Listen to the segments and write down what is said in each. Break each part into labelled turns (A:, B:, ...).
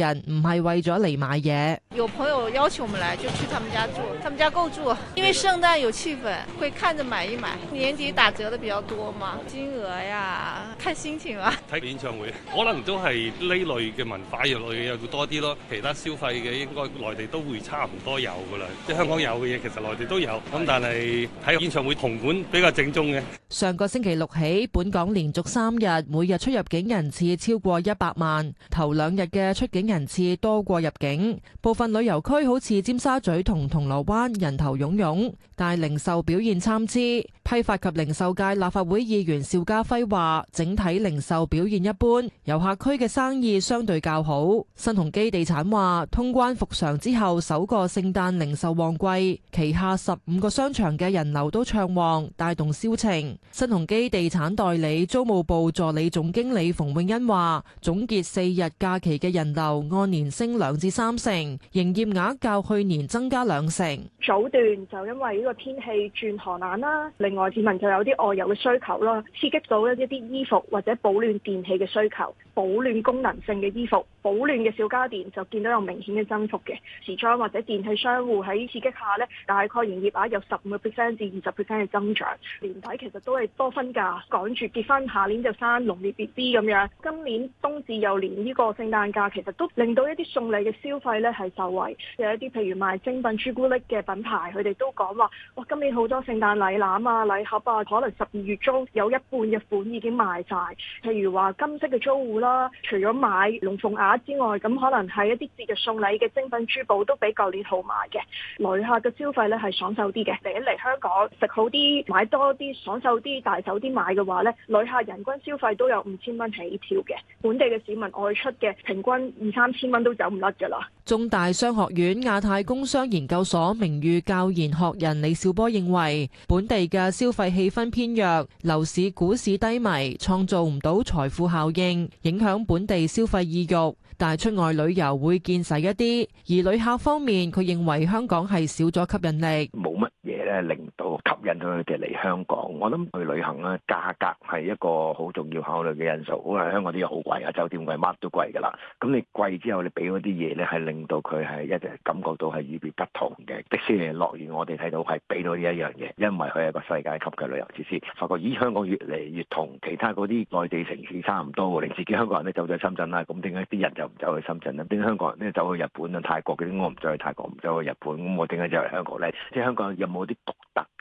A: 人唔係為咗嚟買嘢，有朋友邀請我們來就去他們家住，他們家夠住。因為聖誕有氣氛，會看着買一買。年底打折的比較多嘛，金額呀，看心情啦。睇演唱會可能都係呢類嘅文化入類嘅嘢會多啲咯，其他消費嘅應該內地都會差唔多有噶啦，即係香港有嘅嘢其實內地都有，咁但係睇演唱會紅館比較正宗嘅。上個星期六起，本港連續三日每日出入境人次超過一百萬，頭兩日嘅出境人次多過入境，部分旅遊區好似尖沙咀同銅鑼灣人頭湧湧，但零售表現參差。批發及零售界立法會議員邵家輝話：整體零售表現一般，遊客區嘅生意相對較好。新鴻基地產話：通關復常之後首個聖誕零售旺季，旗下十五個商場嘅人流都暢旺，帶動銷情。新鴻基地產代理租務部助理總經理馮永欣話：總結四日假期嘅人流按年升兩至三成，營業額較去年增加兩成。
B: 早段就因為呢個天氣轉寒冷啦，另外。外市民就有啲外遊嘅需求咯，刺激到一啲衣服或者保暖電器嘅需求，保暖功能性嘅衣服、保暖嘅小家電就見到有明顯嘅增幅嘅時裝或者電器商戶喺刺激下咧，大概營業額有十五個 percent 至二十 percent 嘅增長。年底其實都係多分假，趕住結婚，下年就生農業 BB 咁樣。今年冬至又連呢個聖誕假，其實都令到一啲送禮嘅消費呢係受惠，有一啲譬如賣精品朱古力嘅品牌，佢哋都講話，哇，今年好多聖誕禮籃啊！禮盒啊，可能十二月中有一半嘅款已經賣晒。譬如話金色嘅租戶啦，除咗買龍鳳鈪之外，咁可能係一啲節日送禮嘅精品珠寶都比舊年好買嘅。旅客嘅消費呢係爽手啲嘅，嚟嚟香港食好啲，買多啲，爽手啲，大手啲買嘅話呢，旅客人均消費都有五千蚊起跳嘅。本地嘅市民外出嘅平均二三千蚊都走唔甩㗎啦。
A: 中大商學院亞太工商研究所名譽教研學人李兆波認為，本地嘅消費氣氛偏弱，樓市、股市低迷，創造唔到財富效應，影響本地消費意欲。但係出外旅遊會見使一啲，而旅客方面，佢認為香港係少咗吸引力，
C: 冇乜。誒令到吸引到佢哋嚟香港，我諗去旅行咧，價格係一個好重要考慮嘅因素。因為，香港啲嘢好貴啊，酒店貴，乜都貴㗎啦。咁你貴之後，你俾嗰啲嘢咧係令到佢係一直感覺到係與別不同嘅。迪士尼樂園我哋睇到係俾到呢一樣嘢，因為佢係一個世界級嘅旅遊設施。發覺咦，香港越嚟越同其他嗰啲內地城市差唔多喎，連自己香港人咧走咗深圳啦，咁點解啲人就唔走去深圳咧？點解香港人咧走去日本啊、泰國嗰啲，我唔走去泰國，唔走去日本，咁我點解就嚟香港咧？即係香港有冇啲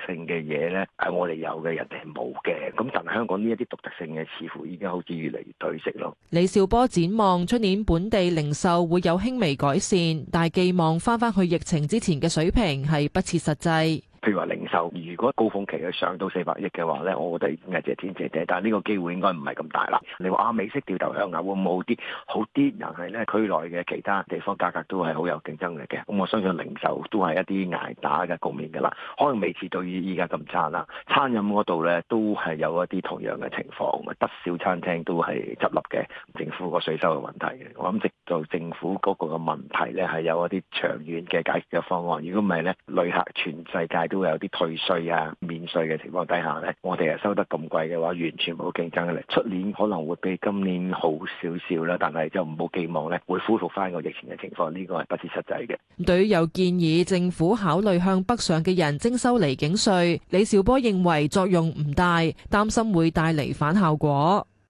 C: 性嘅嘢咧，誒，我哋有嘅，人哋係冇嘅。咁但係香港呢一啲獨特性嘅，似乎已經好似越嚟越褪色咯。
A: 李兆波展望出年本地零售會有輕微改善，但係寄望翻翻去疫情之前嘅水平係不切實際。
C: 譬如話零。如果高峰期去上到四百億嘅話咧，我覺得係謝天謝地，但係呢個機會應該唔係咁大啦。你話啊，美式掉頭香啊，會唔會好啲？好啲，但係咧區內嘅其他地方價格都係好有競爭力嘅。咁我相信零售都係一啲挨打嘅局面嘅啦，可能未至於依依家咁差啦。餐飲嗰度咧都係有一啲同樣嘅情況，唔得少餐廳都係執笠嘅。政府個稅收嘅問題，我諗直到政府嗰個嘅問題咧係有一啲長遠嘅解決嘅方案。如果唔係咧，旅客全世界都會有啲。退稅啊，免稅嘅情況底下呢，我哋係收得咁貴嘅話，完全冇競爭力。出年可能會比今年好少少啦，但係就唔好寄望咧會恢復翻個疫情嘅情況，呢個係不切實際嘅。
A: 對於有建議政府考慮向北上嘅人徵收離境稅。李兆波認為作用唔大，擔心會帶嚟反效果。